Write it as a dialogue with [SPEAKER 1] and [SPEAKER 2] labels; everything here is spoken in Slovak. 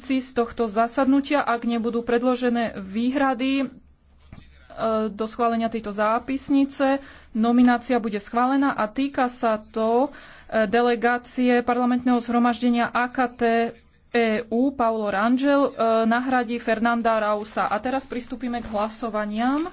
[SPEAKER 1] zápisnici z tohto zasadnutia, ak nebudú predložené výhrady e, do schválenia tejto zápisnice. Nominácia bude schválená a týka sa to e, delegácie parlamentného zhromaždenia AKT EU Paulo Rangel e, nahradí Fernanda Rausa. A teraz pristúpime k hlasovaniam.